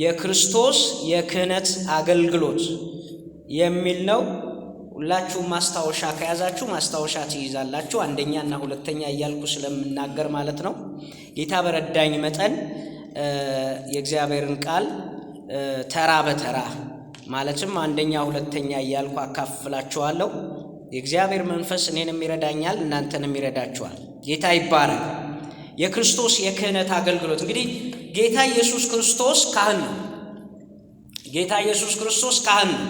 የክርስቶስ የክህነት አገልግሎት የሚል ነው። ሁላችሁ ማስታወሻ ከያዛችሁ ማስታወሻ ትይዛላችሁ። አንደኛ እና ሁለተኛ እያልኩ ስለምናገር ማለት ነው። ጌታ በረዳኝ መጠን የእግዚአብሔርን ቃል ተራ በተራ ማለትም አንደኛ ሁለተኛ እያልኩ አካፍላችኋለሁ። የእግዚአብሔር መንፈስ እኔንም ይረዳኛል፣ እናንተንም ይረዳችኋል። ጌታ ይባላል። የክርስቶስ የክህነት አገልግሎት እንግዲህ ጌታ ኢየሱስ ክርስቶስ ካህን ነው። ጌታ ኢየሱስ ክርስቶስ ካህን ነው።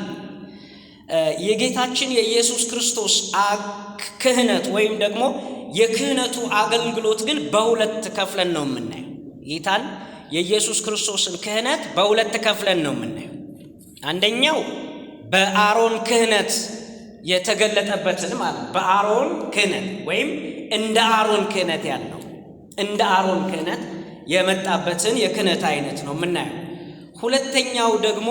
የጌታችን የኢየሱስ ክርስቶስ ክህነት ወይም ደግሞ የክህነቱ አገልግሎት ግን በሁለት ከፍለን ነው የምናየው። ጌታን የኢየሱስ ክርስቶስን ክህነት በሁለት ከፍለን ነው የምናየው። አንደኛው በአሮን ክህነት የተገለጠበትን ማለት በአሮን ክህነት ወይም እንደ አሮን ክህነት ያለው እንደ አሮን ክህነት የመጣበትን የክህነት አይነት ነው የምናየው። ሁለተኛው ደግሞ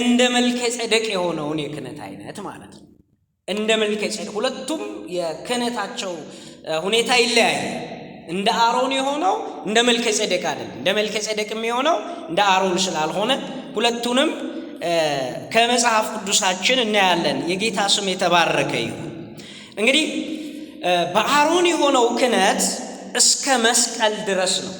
እንደ መልከ ጸደቅ የሆነውን የክህነት አይነት ማለት ነው። እንደ መልከ ጸደቅ ሁለቱም የክህነታቸው ሁኔታ ይለያያል። እንደ አሮን የሆነው እንደ መልከ ጸደቅ አይደለም። እንደ መልከ ጸደቅም የሆነው እንደ አሮን ስላልሆነ ሁለቱንም ከመጽሐፍ ቅዱሳችን እናያለን። የጌታ ስም የተባረከ ይሁን። እንግዲህ በአሮን የሆነው ክህነት እስከ መስቀል ድረስ ነው።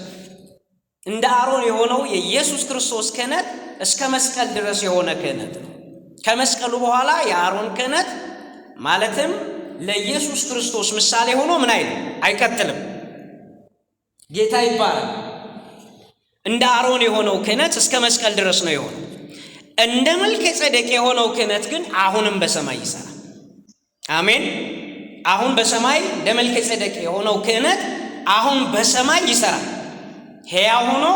እንደ አሮን የሆነው የኢየሱስ ክርስቶስ ክህነት እስከ መስቀል ድረስ የሆነ ክህነት ነው። ከመስቀሉ በኋላ የአሮን ክህነት ማለትም ለኢየሱስ ክርስቶስ ምሳሌ ሆኖ ምን አይል አይቀጥልም። ጌታ ይባላል። እንደ አሮን የሆነው ክህነት እስከ መስቀል ድረስ ነው የሆነው። እንደ መልከ ጸደቅ የሆነው ክህነት ግን አሁንም በሰማይ ይሰራል። አሜን። አሁን በሰማይ እንደ መልከ የሆነው ክህነት አሁን በሰማይ ይሰራል። ሕያው ሆኖ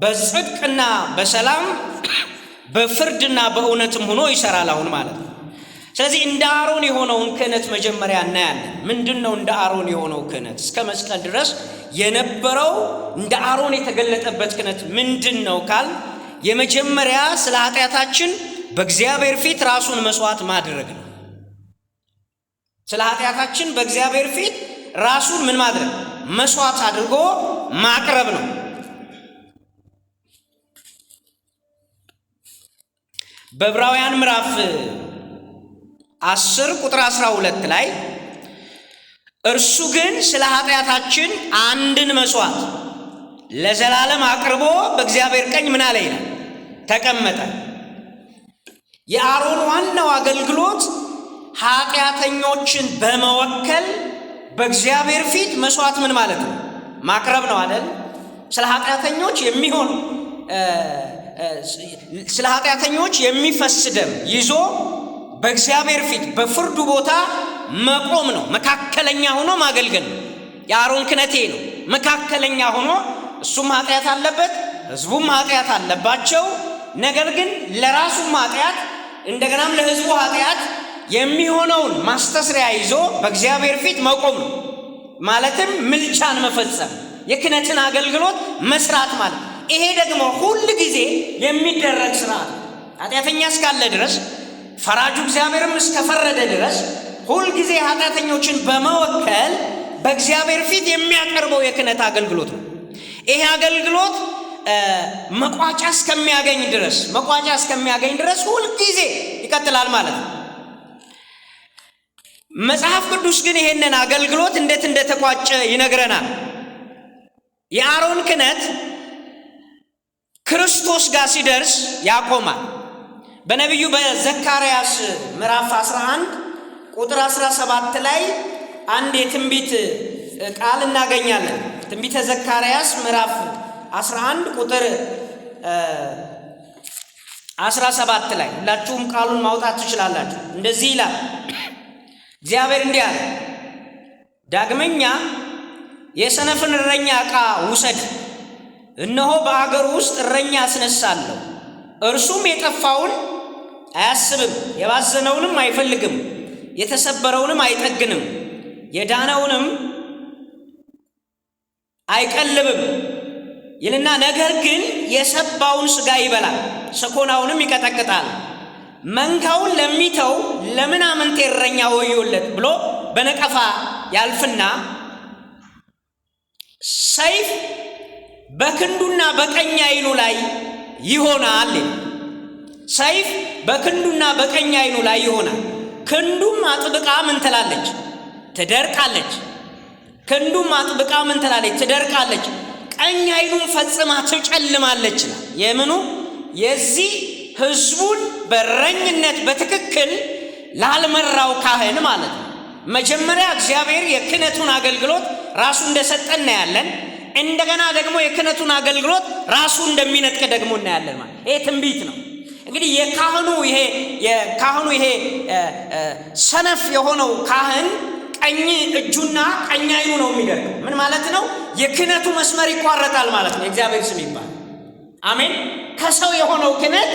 በጽድቅና በሰላም በፍርድና በእውነትም ሆኖ ይሰራል አሁን ማለት ነው። ስለዚህ እንደ አሮን የሆነውን ክህነት መጀመሪያ እናያለን። ምንድን ነው እንደ አሮን የሆነው ክህነት? እስከ መስቀል ድረስ የነበረው እንደ አሮን የተገለጠበት ክህነት ምንድን ነው ካል የመጀመሪያ ስለ ኃጢአታችን በእግዚአብሔር ፊት ራሱን መስዋዕት ማድረግ ነው። ስለ ኃጢአታችን በእግዚአብሔር ፊት ራሱን ምን ማድረግ መስዋዕት አድርጎ ማቅረብ ነው። በዕብራውያን ምዕራፍ አስር ቁጥር ሁለት ላይ እርሱ ግን ስለ ኃጢአታችን አንድን መሥዋዕት ለዘላለም አቅርቦ በእግዚአብሔር ቀኝ ምን አለ ይላል፣ ተቀመጠ። የአሮን ዋናው አገልግሎት ኃጢአተኞችን በመወከል በእግዚአብሔር ፊት መሥዋዕት ምን ማለት ነው? ማቅረብ ነው አይደል? ስለ ኃጢአተኞች የሚሆን ስለ ኃጢአተኞች የሚፈስ ደም ይዞ በእግዚአብሔር ፊት በፍርዱ ቦታ መቆም ነው። መካከለኛ ሆኖ ማገልገል ነው። የአሮን ክነቴ ነው። መካከለኛ ሆኖ እሱም ኃጢአት አለበት፣ ህዝቡም ኃጢአት አለባቸው። ነገር ግን ለራሱም ኃጢአት እንደገናም ለህዝቡ ኃጢአት የሚሆነውን ማስተስሪያ ይዞ በእግዚአብሔር ፊት መቆም ነው። ማለትም ምልጃን መፈጸም የክነትን አገልግሎት መስራት ማለት ይሄ ደግሞ ሁል ጊዜ የሚደረግ ስርዓት ኃጢአተኛ እስካለ ድረስ ፈራጁ እግዚአብሔርም እስከፈረደ ድረስ ሁልጊዜ ኃጢአተኞችን በመወከል በእግዚአብሔር ፊት የሚያቀርበው የክህነት አገልግሎት ነው። ይሄ አገልግሎት መቋጫ እስከሚያገኝ ድረስ መቋጫ እስከሚያገኝ ድረስ ሁልጊዜ ይቀጥላል ማለት ነው። መጽሐፍ ቅዱስ ግን ይሄንን አገልግሎት እንዴት እንደተቋጨ ይነግረናል። የአሮን ክነት ክርስቶስ ጋር ሲደርስ ያቆማል። በነቢዩ በዘካርያስ ምዕራፍ 11 ቁጥር 17 ላይ አንድ የትንቢት ቃል እናገኛለን። ትንቢተ ዘካርያስ ምዕራፍ 11 ቁጥር 17 ላይ ሁላችሁም ቃሉን ማውጣት ትችላላችሁ። እንደዚህ ይላል እግዚአብሔር እንዲህ አለ፣ ዳግመኛ የሰነፍን እረኛ ዕቃ ውሰድ፣ እነሆ በአገሩ ውስጥ እረኛ አስነሳለሁ። እርሱም የጠፋውን አያስብም፣ የባዘነውንም አይፈልግም፣ የተሰበረውንም አይጠግንም፣ የዳነውንም አይቀልብም ይልና ነገር ግን የሰባውን ሥጋ ይበላል፣ ሰኮናውንም ይቀጠቅጣል። መንካውን ለሚተው ለምናምንቴ እረኛ ወዮለት ብሎ በነቀፋ ያልፍና ሰይፍ በክንዱና በቀኝ አይኑ ላይ ይሆናል። ሰይፍ በክንዱና በቀኝ አይኑ ላይ ይሆናል። ክንዱም አጥብቃ ምን ትላለች? ትደርቃለች። ክንዱም አጥብቃ ምን ትላለች? ትደርቃለች። ቀኝ አይኑን ፈጽማ ትጨልማለች። የምኑ የዚህ ህዝቡን በረኝነት በትክክል ላልመራው ካህን ማለት ነው። መጀመሪያ እግዚአብሔር የክህነቱን አገልግሎት ራሱ እንደሰጠ እናያለን። እንደገና ደግሞ የክህነቱን አገልግሎት ራሱ እንደሚነጥቅ ደግሞ እናያለን። ማለት ይሄ ትንቢት ነው። እንግዲህ የካህኑ ይሄ የካህኑ ይሄ ሰነፍ የሆነው ካህን ቀኝ እጁና ቀኝ አይኑ ነው የሚደርገው። ምን ማለት ነው? የክህነቱ መስመር ይቋረጣል ማለት ነው። እግዚአብሔር ስም ይባል። አሜን ከሰው የሆነው ክህነት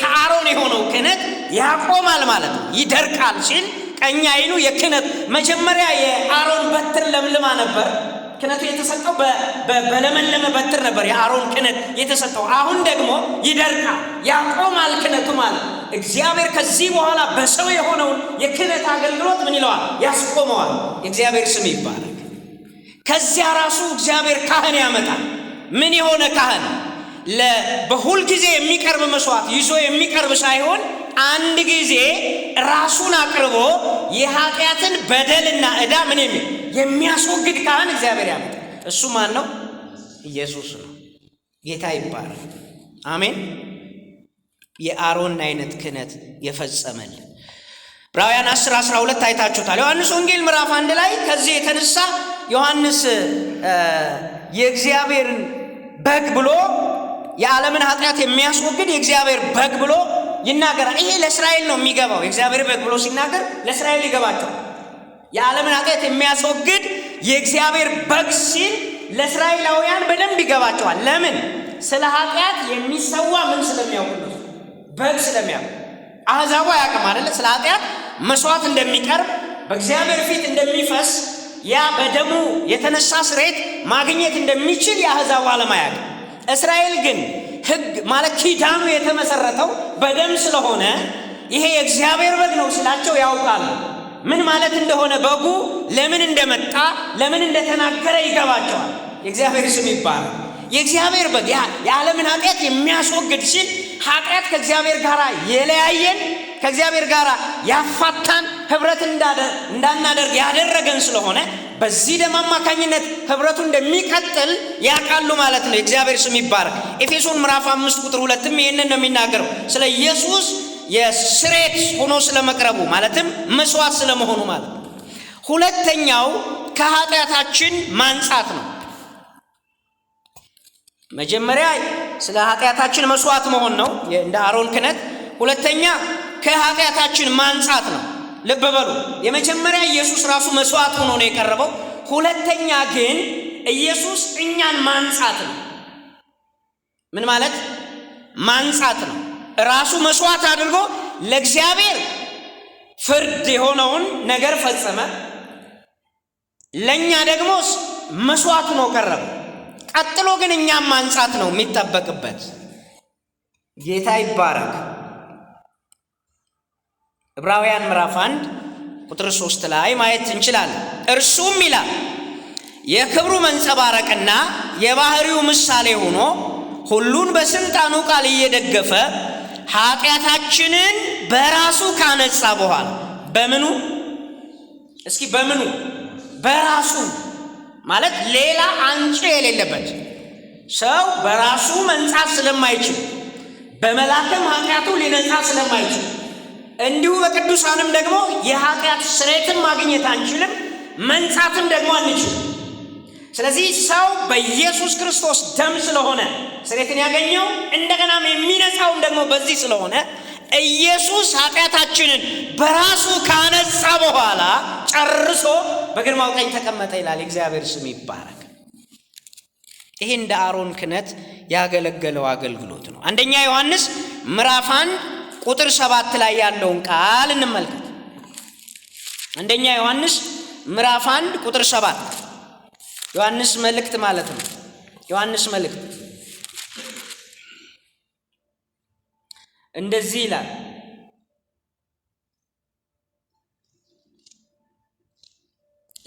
ከአሮን የሆነው ክህነት ያቆማል ማለት ነው፣ ይደርቃል ሲል ቀኝ አይኑ የክህነት መጀመሪያ የአሮን በትር ለምልማ ነበር። ክህነቱ የተሰጠው በለመለመ በትር ነበር የአሮን ክህነት የተሰጠው። አሁን ደግሞ ይደርቃል፣ ያቆማል ክህነቱ ማለት እግዚአብሔር ከዚህ በኋላ በሰው የሆነውን የክህነት አገልግሎት ምን ይለዋል? ያስቆመዋል። የእግዚአብሔር ስም ይባላል። ከዚያ ራሱ እግዚአብሔር ካህን ያመጣል። ምን የሆነ ካህን በሁል ጊዜ የሚቀርብ መስዋዕት ይዞ የሚቀርብ ሳይሆን አንድ ጊዜ ራሱን አቅርቦ የኃጢአትን በደልና ዕዳ ምን የሚል የሚያስወግድ ካህን እግዚአብሔር ያመጣ። እሱ ማን ነው? ኢየሱስ ነው። ጌታ ይባላል። አሜን። የአሮን አይነት ክህነት የፈጸመልን ዕብራውያን 10 12 አይታችሁታል። ዮሐንስ ወንጌል ምዕራፍ አንድ ላይ ከዚህ የተነሳ ዮሐንስ የእግዚአብሔርን በግ ብሎ የዓለምን ኃጢአት የሚያስወግድ የእግዚአብሔር በግ ብሎ ይናገራል። ይሄ ለእስራኤል ነው የሚገባው። የእግዚአብሔር በግ ብሎ ሲናገር ለእስራኤል ይገባቸዋል። የዓለምን ኃጢአት የሚያስወግድ የእግዚአብሔር በግ ሲል ለእስራኤላውያን በደንብ ይገባቸዋል። ለምን? ስለ ኃጢአት የሚሰዋ ምን ስለሚያውቁ በግ ስለሚያውቁ አሕዛቡ አያውቅም አይደለ? ስለ ኃጢአት መስዋዕት እንደሚቀርብ በእግዚአብሔር ፊት እንደሚፈስ ያ በደሙ የተነሳ ስሬት ማግኘት እንደሚችል የአሕዛቡ ዓለም አያውቅም። እስራኤል ግን ህግ ማለት ኪዳኑ የተመሰረተው በደም ስለሆነ ይሄ የእግዚአብሔር በግ ነው ስላቸው ያውቃሉ። ምን ማለት እንደሆነ በጉ ለምን እንደመጣ ለምን እንደተናገረ ይገባቸዋል። የእግዚአብሔር ስም ይባላል። የእግዚአብሔር በግ የዓለምን ኃጢአት የሚያስወግድ ሲል ኃጢአት ከእግዚአብሔር ጋር የለያየን ከእግዚአብሔር ጋር ያፋታን ህብረት እንዳናደርግ ያደረገን ስለሆነ በዚህ ደም አማካኝነት ህብረቱ እንደሚቀጥል ያውቃሉ ማለት ነው። እግዚአብሔር ስም ይባረክ። ኤፌሶን ምዕራፍ አምስት ቁጥር ሁለትም ይህንን ነው የሚናገረው ስለ ኢየሱስ የስሬት ሆኖ ስለመቅረቡ ማለትም መስዋዕት ስለመሆኑ ማለት ነው። ሁለተኛው ከኃጢአታችን ማንጻት ነው። መጀመሪያ ስለ ኃጢአታችን መስዋዕት መሆን ነው እንደ አሮን ክነት። ሁለተኛ ከኃጢአታችን ማንጻት ነው። ልብ በሉ። የመጀመሪያ ኢየሱስ ራሱ መስዋዕት ሆኖ ነው የቀረበው። ሁለተኛ ግን ኢየሱስ እኛን ማንጻት ነው። ምን ማለት ማንጻት ነው? ራሱ መስዋዕት አድርጎ ለእግዚአብሔር ፍርድ የሆነውን ነገር ፈጸመ። ለእኛ ደግሞ መስዋዕት ነው ቀረበ። ቀጥሎ ግን እኛም ማንጻት ነው የሚጠበቅበት። ጌታ ይባረክ። ዕብራውያን ምዕራፍ አንድ ቁጥር ሶስት ላይ ማየት እንችላለን። እርሱም ይላል የክብሩ መንጸባረቅና የባህሪው ምሳሌ ሆኖ ሁሉን በስልጣኑ ቃል እየደገፈ ኃጢአታችንን በራሱ ካነጻ በኋላ በምኑ እስኪ በምኑ በራሱ ማለት ሌላ አንጭ የሌለበት ሰው በራሱ መንጻት ስለማይችል በመላክም ኃጢአቱ ሊነጻ ስለማይችል እንዲሁ በቅዱሳንም ደግሞ የኃጢአት ስርየትን ማግኘት አንችልም፣ መንጻትም ደግሞ አንችልም። ስለዚህ ሰው በኢየሱስ ክርስቶስ ደም ስለሆነ ስርየትን ያገኘው እንደገናም የሚነጻውም ደግሞ በዚህ ስለሆነ ኢየሱስ ኃጢአታችንን በራሱ ካነጻ በኋላ ጨርሶ በግርማው ቀኝ ተቀመጠ ይላል። እግዚአብሔር ስም ይባረክ። ይሄ እንደ አሮን ክነት ያገለገለው አገልግሎት ነው። አንደኛ ዮሐንስ ምዕራፍ አንድ ቁጥር ሰባት ላይ ያለውን ቃል እንመልከት። አንደኛ ዮሐንስ ምዕራፍ አንድ ቁጥር ሰባት ዮሐንስ መልእክት ማለት ነው። ዮሐንስ መልእክት እንደዚህ ይላል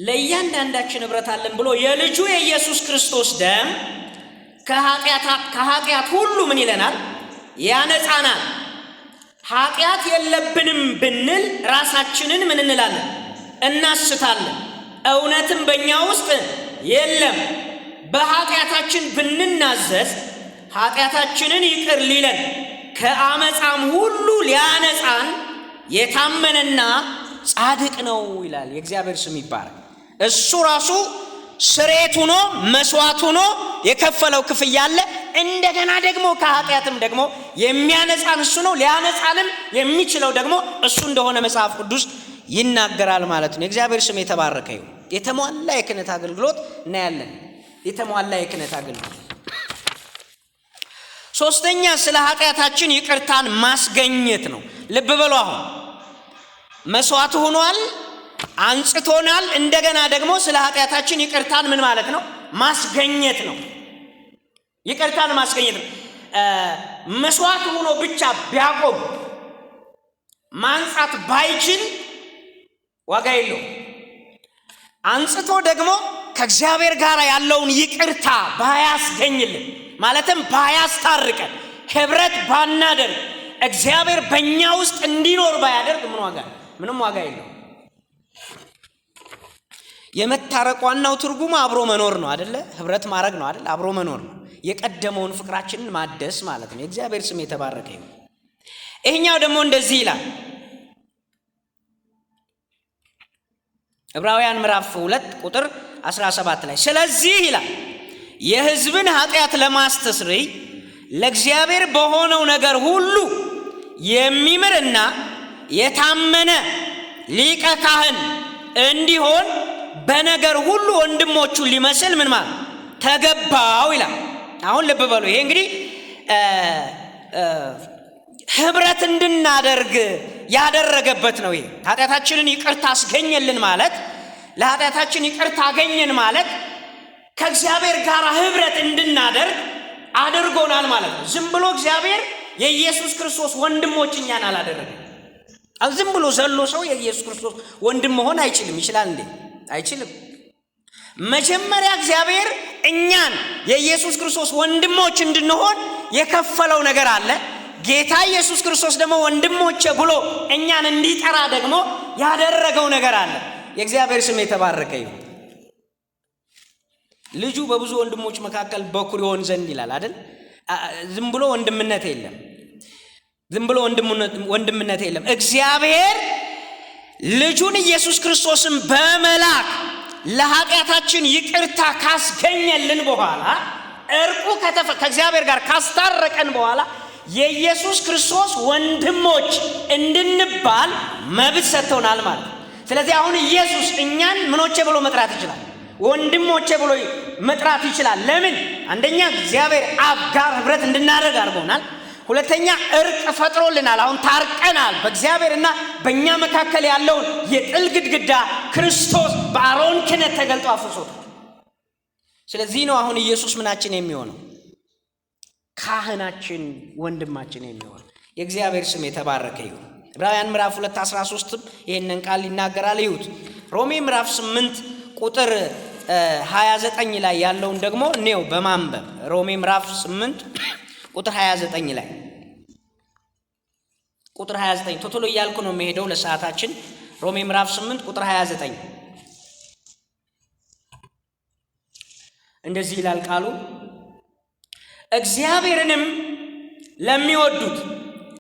ለእያንዳንዳችን ኅብረት አለን ብሎ የልጁ የኢየሱስ ክርስቶስ ደም ከኃጢአት ሁሉ ምን ይለናል? ያነጻናል። ኃጢአት የለብንም ብንል ራሳችንን ምን እንላለን? እናስታለን። እውነትም በእኛ ውስጥ የለም። በኃጢአታችን ብንናዘዝ ኃጢአታችንን ይቅር ሊለን ከአመፃም ሁሉ ሊያነፃን የታመነና ጻድቅ ነው ይላል። የእግዚአብሔር ስም ይባላል። እሱ ራሱ ስሬት ሆኖ መስዋዕት ሆኖ የከፈለው ክፍያ አለ። እንደገና ደግሞ ከኃጢአትም ደግሞ የሚያነጻን እሱ ነው። ሊያነጻንም የሚችለው ደግሞ እሱ እንደሆነ መጽሐፍ ቅዱስ ይናገራል ማለት ነው። የእግዚአብሔር ስም የተባረከ ይሁን። የተሟላ የክህነት አገልግሎት እናያለን። የተሟላ የክህነት አገልግሎት። ሶስተኛ ስለ ኃጢአታችን ይቅርታን ማስገኘት ነው። ልብ በሉ አሁን መስዋዕት ሆኗል። አንጽቶናል። እንደገና ደግሞ ስለ ኃጢአታችን ይቅርታን ምን ማለት ነው? ማስገኘት ነው። ይቅርታን ማስገኘት ነው። መስዋዕት ሆኖ ብቻ ቢያቆም ማንጻት ባይችል ዋጋ የለው አንጽቶ ደግሞ ከእግዚአብሔር ጋር ያለውን ይቅርታ ባያስገኝልን ማለትም ባያስታርቀን ህብረት ባናደርግ እግዚአብሔር በእኛ ውስጥ እንዲኖር ባያደርግ ምን ዋጋ ምንም ዋጋ የለው። የመታረቅ ዋናው ትርጉም አብሮ መኖር ነው አደለ? ህብረት ማድረግ ነው አደለ? አብሮ መኖር ነው። የቀደመውን ፍቅራችንን ማደስ ማለት ነው። የእግዚአብሔር ስም የተባረከ ይሁን። ይህኛው ደግሞ እንደዚህ ይላል። ዕብራውያን ምዕራፍ ሁለት ቁጥር 17 ላይ ስለዚህ ይላል የህዝብን ኃጢአት ለማስተስረይ ለእግዚአብሔር በሆነው ነገር ሁሉ የሚምርና የታመነ ሊቀ ካህን እንዲሆን በነገር ሁሉ ወንድሞቹ ሊመስል ምን ማለት ተገባው ይላል። አሁን ልብ በሉ። ይሄ እንግዲህ ህብረት እንድናደርግ ያደረገበት ነው። ይሄ ኃጢአታችንን ይቅርታ አስገኘልን ማለት ለኃጢአታችን ይቅርታ አገኘን ማለት ከእግዚአብሔር ጋር ህብረት እንድናደርግ አድርጎናል ማለት ነው። ዝም ብሎ እግዚአብሔር የኢየሱስ ክርስቶስ ወንድሞች እኛን አላደረገም። ዝም ብሎ ዘሎ ሰው የኢየሱስ ክርስቶስ ወንድም መሆን አይችልም። ይችላል እንዴ? አይችልም። መጀመሪያ እግዚአብሔር እኛን የኢየሱስ ክርስቶስ ወንድሞች እንድንሆን የከፈለው ነገር አለ። ጌታ ኢየሱስ ክርስቶስ ደግሞ ወንድሞቼ ብሎ እኛን እንዲጠራ ደግሞ ያደረገው ነገር አለ። የእግዚአብሔር ስም የተባረከ ይሁን። ልጁ በብዙ ወንድሞች መካከል በኩር ይሆን ዘንድ ይላል አይደል? ዝም ብሎ ወንድምነት የለም። ዝም ብሎ ወንድምነት የለም። እግዚአብሔር ልጁን ኢየሱስ ክርስቶስን በመላክ ለኃጢአታችን ይቅርታ ካስገኘልን በኋላ እርቁ ከእግዚአብሔር ጋር ካስታረቀን በኋላ የኢየሱስ ክርስቶስ ወንድሞች እንድንባል መብት ሰጥተውናል ማለት ነው። ስለዚህ አሁን ኢየሱስ እኛን ምኖቼ ብሎ መጥራት ይችላል፣ ወንድሞቼ ብሎ መጥራት ይችላል። ለምን? አንደኛ እግዚአብሔር አብ ጋር ኅብረት እንድናደርግ አድርጎናል። ሁለተኛ እርቅ ፈጥሮልናል። አሁን ታርቀናል። በእግዚአብሔርና በእኛ መካከል ያለውን የጥል ግድግዳ ክርስቶስ በአሮን ክነት ተገልጦ አፍርሶታል። ስለዚህ ነው አሁን ኢየሱስ ምናችን የሚሆነው ካህናችን፣ ወንድማችን የሚሆነው። የእግዚአብሔር ስም የተባረከ ይሁን። ዕብራውያን ምዕራፍ 2 13 ይህንን ቃል ይናገራል። ይሁት ሮሜ ምዕራፍ 8 ቁጥር 29 ላይ ያለውን ደግሞ እኔው በማንበብ ሮሜ ምዕራፍ 8 ቁጥር 29 ላይ ቁጥር 29 ቶቶሎ እያልኩ ነው የሚሄደው ለሰዓታችን። ሮሜ ምዕራፍ 8 ቁጥር 29 እንደዚህ ይላል ቃሉ እግዚአብሔርንም ለሚወዱት